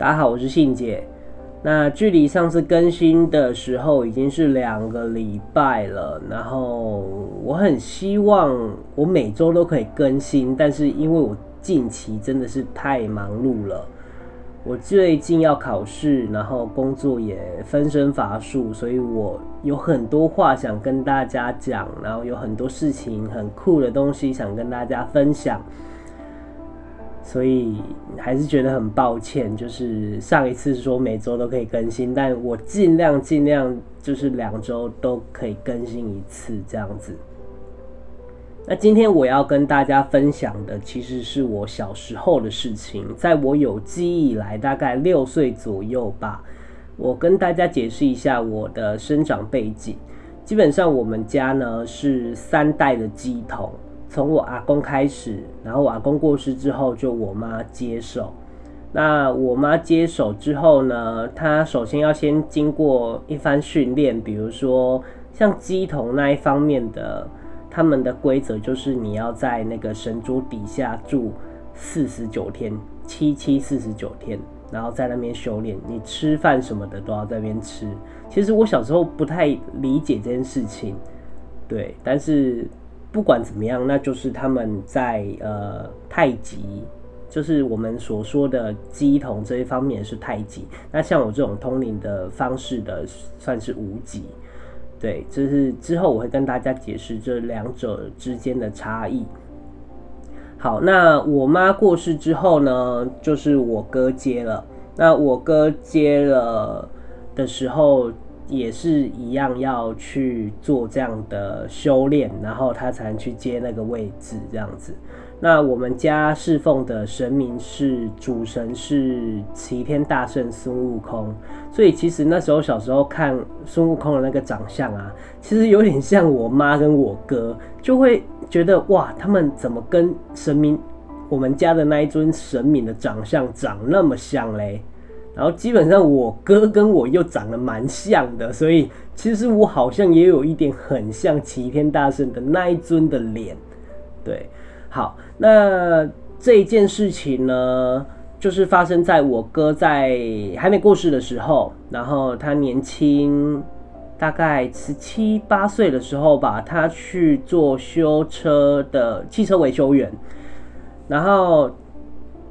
大家好，我是信姐。那距離上次更新的時候已經是兩個禮拜了，然後我很希望我每週都可以更新，但是因為我近期真的是太忙碌了，我最近要考試，然後工作也分身乏術，所以我有很多話想跟大家講，然後有很多事情，很酷的東西想跟大家分享。所以還是覺得很抱歉，就是上一次說每周都可以更新，但我盡量盡量就是兩周都可以更新一次這樣子。那今天我要跟大家分享的，其實是我小時候的事情，在我有記憶以來，大概六歲左右吧。我跟大家解釋一下我的生長背景，基本上我們家呢是三代的乩童。從我阿公開始，然後我阿公過世之後就我媽接手。那我媽接手之後呢，她首先要先經過一番訓練，比如說像乩童那一方面的，他們的規則就是你要在那個神桌底下住四十九天，七七四十九天，然後在那邊修煉。你吃飯什麼的都要在那邊吃。其實我小時候不太理解這件事情，對，但是。不管怎麼樣，那就是他們在呃太極，就是我們所說的乩童這一方面是太極。那像我這種通靈的方式的，算是無極。對，就是之後我會跟大家解釋這兩者之間的差異。好，那我媽過世之後呢，就是我哥接了。那我哥接了的時候。也是一樣，要去做這樣的修煉，然後他才能去接那個位置，這樣子。那我們家侍奉的神明是主神，是齊天大聖孫悟空。所以其實那時候小時候看孫悟空的那個長相啊，其實有點像我媽跟我哥，就會覺得哇，他們怎麼跟神明我們家的那一尊神明的長相長那麼像嘞？然後基本上我哥跟我又長得蠻像的，所以其實我好像也有一點很像齊天大聖的那一尊的臉。對，好，那這一件事情呢，就是發生在我哥在還沒過世的時候，然後他年輕大概十七八歲的時候吧，他去做修車的汽車維修員，然後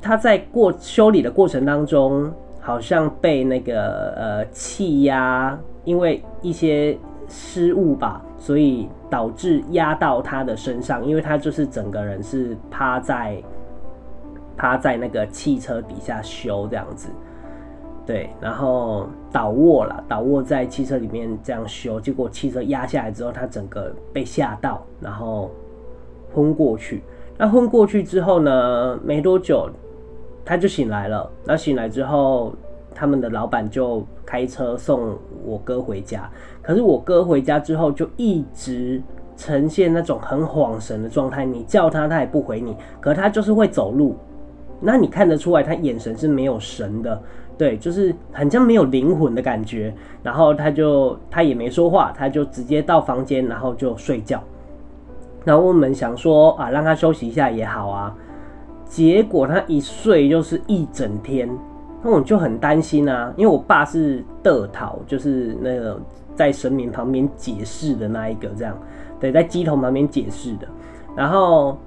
他在過修理的過程當中。好像被那個呃氣壓，因為一些失誤吧，所以導致壓到他的身上，因為他就是整個人是趴在趴在那個汽車底下修這樣子，對，然後倒臥了，倒臥在汽車裡面這樣修，結果汽車壓下來之後，他整個被嚇到，然後昏過去。那昏過去之後呢，沒多久。他就醒來了，那醒來之後，他們的老闆就開車送我哥回家。可是我哥回家之後就一直呈現那種很恍神的狀態，你叫他他也不回你，可他就是會走路。那你看得出來，他眼神是沒有神的，對，就是很像沒有靈魂的感覺。然後他就他也沒說話，他就直接到房間，然後就睡覺。那我們想說啊，讓他休息一下也好啊。結果他一睡就是一整天，那我就很擔心啊，因為我爸是桌頭，就是那個在神明旁邊解釋的那一個，這樣，對，在乩童旁邊解釋的。然後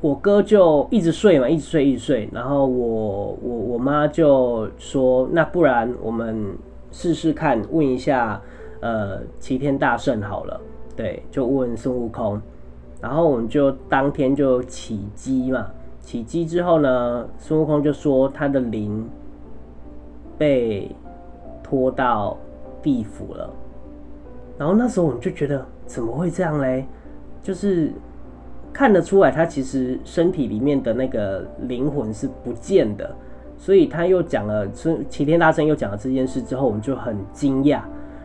我哥就一直睡嘛，一直睡，一直睡。然後我我我媽就說：“那不然我們試試看，問一下呃齊天大聖好了。”對，就問孫悟空。然後我們就當天就起乩嘛。起乩之後呢，孫悟空就說他的靈被拖到地府了。然後那時候我們就覺得怎麼會這樣嘞？就是看得出來他其實身體裡面的那個靈魂是不見的。所以他又講了，齊天大聖又講了這件事之後，我們就很驚訝。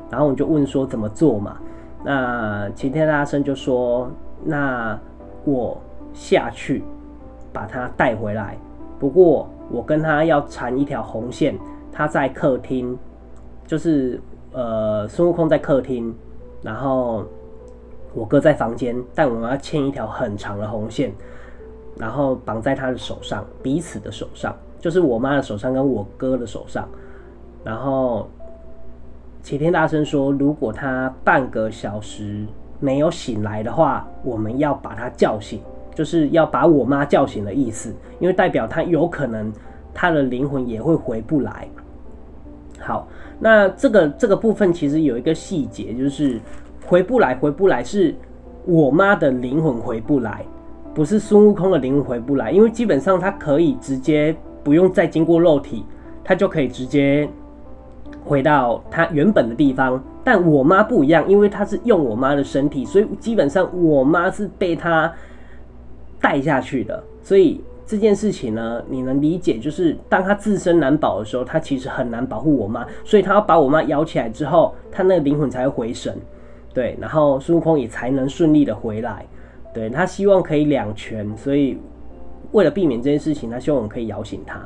然後我們就問說怎麼做嘛？那齊天大聖就說：“那我下去。”把他帶回來。不過我跟他要纏一條紅線。他在客廳，就是呃孫悟空在客廳，然後我哥在房間。但我們要牽一條很長的紅線，然後綁在他的手上，彼此的手上，就是我媽的手上跟我哥的手上。然後齊天大聖說，如果他半個小時沒有醒來的話，我們要把他叫醒。就是要把我媽叫醒的意思，因為代表他有可能他的靈魂也會回不來。好，那這個這個部分其實有一個細節，就是回不來回不來是我媽的靈魂回不來，不是孫悟空的靈魂回不來。因為基本上她可以直接不用再經過肉體，她就可以直接回到她原本的地方。但我媽不一樣，因為她是用我媽的身體，所以基本上我媽是被她。帶下去的，所以這件事情呢，你能理解，就是當他自身難保的時候，他其實很難保護我媽，所以他要把我媽搖起來之後，他那個靈魂才會回神，對，然後孫悟空也才能順利的回來，對，他希望可以兩全，所以為了避免這件事情，他希望我們可以搖醒他。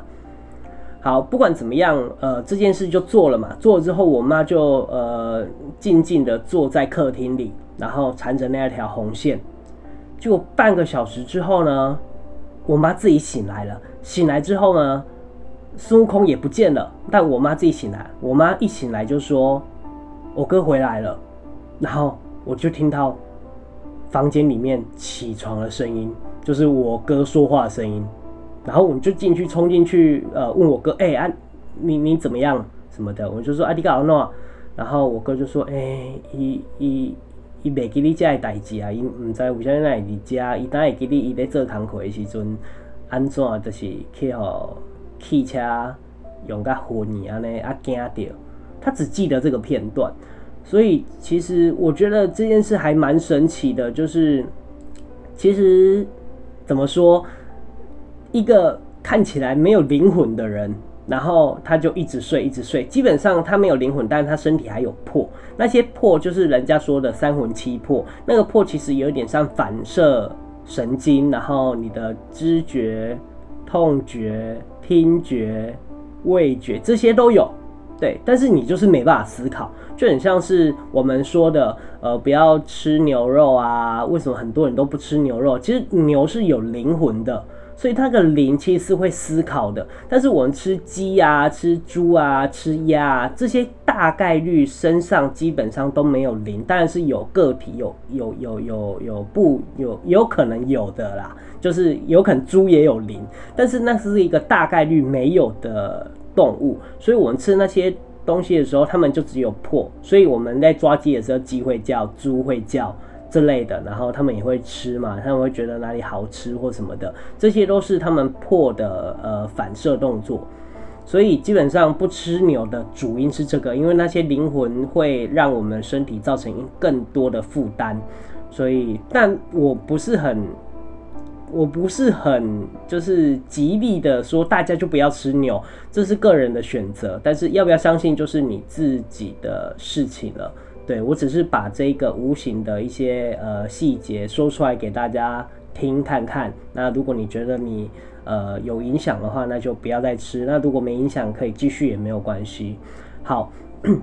好，不管怎麼樣，呃，這件事就做了嘛，做了之後，我媽就呃靜靜的坐在客廳裡，然後纏着那一條紅線。就半個小時之後呢，我媽自己醒來了。醒來之後呢，孫悟空也不見了。但我媽自己醒來，我媽一醒來就說：“我哥回來了。”然後我就聽到房間裡面起床的聲音，就是我哥說話的聲音。然後我就進去衝進去，呃，問我哥：“哎、欸啊，你你怎麼樣？什麼的？”我就說：“哎、啊，你搞什麼？”然後我哥就說：“哎、欸，一一。”伊袂記你遮個代志啊，伊毋知為啥咱會記這，伊呾會記你伊咧做工課時陣安怎，就是去互汽車用甲昏去安尼啊驚着。他只記得這個片段，所以其實我覺得這件事還蠻神奇的。就是其實怎麼說，一個看起來沒有靈魂的人。然後他就一直睡，一直睡。基本上他沒有靈魂，但是他身體還有魄。那些魄就是人家說的三魂七魄。那個魄其實有點像反射神經，然後你的知覺、痛覺、聽覺、味覺這些都有。對，但是你就是沒辦法思考，就很像是我們說的，呃，不要吃牛肉啊。為什麼很多人都不吃牛肉？其實牛是有靈魂的。所以，它的靈其實是會思考的。但是，我們吃雞啊、吃豬啊、吃鴨啊，這些，大概率身上基本上都沒有靈。當然是有個體有有有有有不有有可能有的啦，就是有可能豬也有靈，但是那是一個大概率沒有的動物。所以我們吃那些東西的時候，它們就只有破。所以我們在抓雞的時候，雞會叫；豬會叫。之類的，然後他們也會吃嘛，他們會覺得哪裡好吃或什麼的，這些都是他們破的呃反射動作，所以基本上不吃牛的主因是這個，因為那些靈魂會讓我們身體造成更多的負擔，所以但我不是很，我不是很就是極力的說大家就不要吃牛，這是個人的選擇，但是要不要相信就是你自己的事情了。對，我只是把這個無形的一些呃細節說出來給大家聽看看。那如果你覺得你呃有影響的話，那就不要再吃。那如果沒影響，可以繼續也沒有關係。好，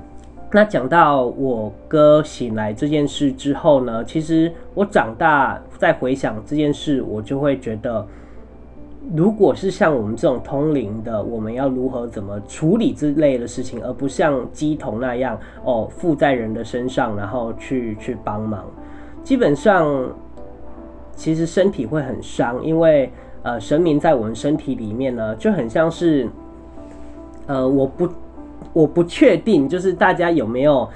那講到我哥醒來這件事之後呢，其實我長大再回想這件事，我就會覺得。如果是像我們這種通靈的，我們要如何怎麼處理之類的事情，而不像乩童那樣哦附在人的身上，然後去去幫忙，基本上其實身體會很傷，因為呃神明在我們身體裡面呢，就很像是呃我不我不確定，就是大家有沒有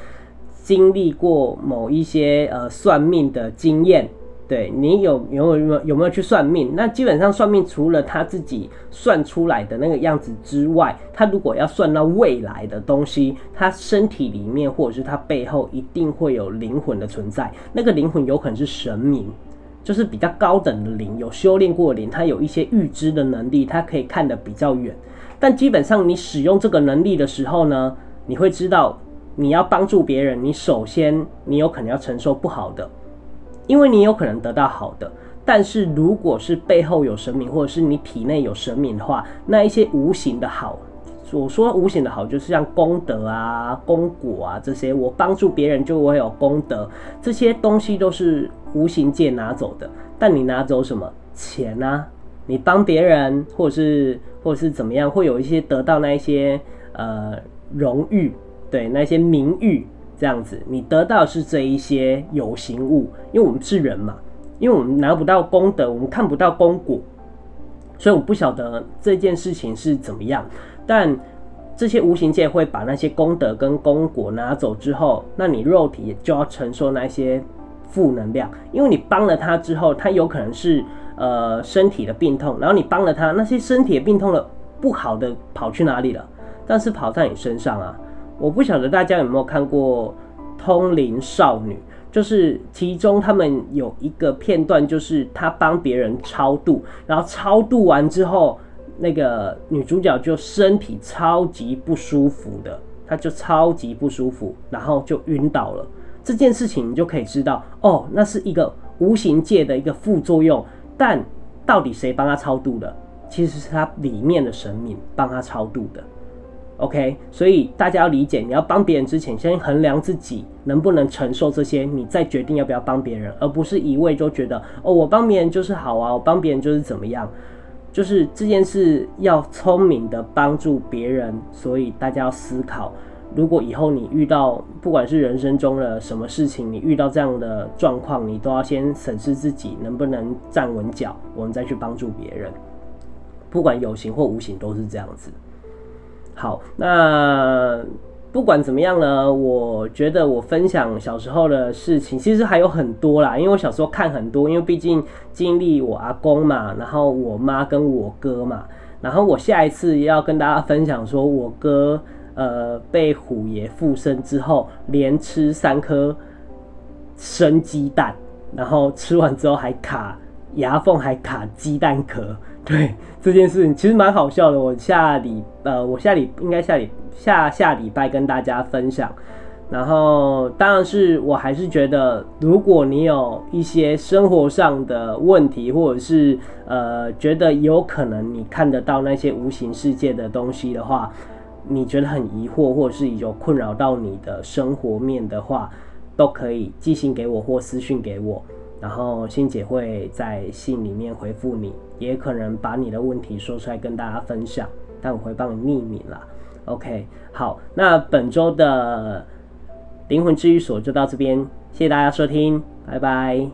經歷過某一些呃算命的經驗。對，你有有有沒有有沒有去算命？那基本上算命，除了他自己算出來的那個樣子之外，他如果要算到未來的東西，他身體裡面或者是他背後一定會有靈魂的存在。那個靈魂有可能是神明，就是比較高等的靈，有修煉過的靈，他有一些預知的能力，他可以看得比較遠。但基本上你使用這個能力的時候呢，你會知道你要幫助別人，你首先你有可能要承受不好的。因為你有可能得到好的，但是如果是背後有神明，或者是你體內有神明的話，那一些無形的好，我說無形的好就是像功德啊、功果啊這些，我幫助別人就會有功德，這些東西都是無形界拿走的。但你拿走什麼？錢啊？你幫別人，或者是或者是怎麼樣，會有一些得到那一些呃榮譽，對那些名譽。這樣子，你得到的是這一些有形物，因為我們是人嘛，因為我們拿不到功德，我們看不到功果，所以我不曉得這件事情是怎麼樣。但這些無形界會把那些功德跟功果拿走之後，那你肉體也就要承受那些負能量，因為你幫了他之後，他有可能是呃身體的病痛，然後你幫了他，那些身體的病痛了不好的跑去哪裡了？但是跑在你身上啊。我不曉得大家有沒有看過《通靈少女》，就是其中他們有一個片段，就是她幫別人超度，然後超度完之後，那個女主角就身體超級不舒服的，她就超級不舒服，然後就暈倒了。這件事情你就可以知道，哦，那是一個無形界的一個副作用。但到底誰幫她超度的？其實是她裡面的神明幫她超度的。OK，所以大家要理解，你要幫別人之前，先衡量自己能不能承受這些，你再決定要不要幫別人，而不是一味就覺得哦，我幫別人就是好啊，我幫別人就是怎麼樣，就是這件事要聰明的幫助別人。所以大家要思考，如果以後你遇到不管是人生中的什麼事情，你遇到這樣的狀況，你都要先審視自己能不能站穩腳，我們再去幫助別人，不管有形或無形，都是這樣子。好，那不管怎麼樣呢？我覺得我分享小時候的事情，其實還有很多啦。因為我小時候看很多，因為畢竟經歷我阿公嘛，然後我媽跟我哥嘛，然後我下一次也要跟大家分享，說我哥呃被虎爺附身之後，連吃三顆生雞蛋，然後吃完之後還卡牙縫，還卡雞蛋殼。對這件事情其實蠻好笑的，我下禮呃，我下禮應該下禮下下禮拜跟大家分享。然後，當然是我還是覺得，如果你有一些生活上的問題，或者是呃覺得有可能你看得到那些無形世界的東西的話，你覺得很疑惑，或者是有困擾到你的生活面的話，都可以寄信給我或私訊給我。然後信姐會在信裡面回復你，也可能把你的問題說出來跟大家分享，但我會幫你匿名了。OK，好，那本周的靈魂治癒所就到這邊，謝謝大家收聽，拜拜。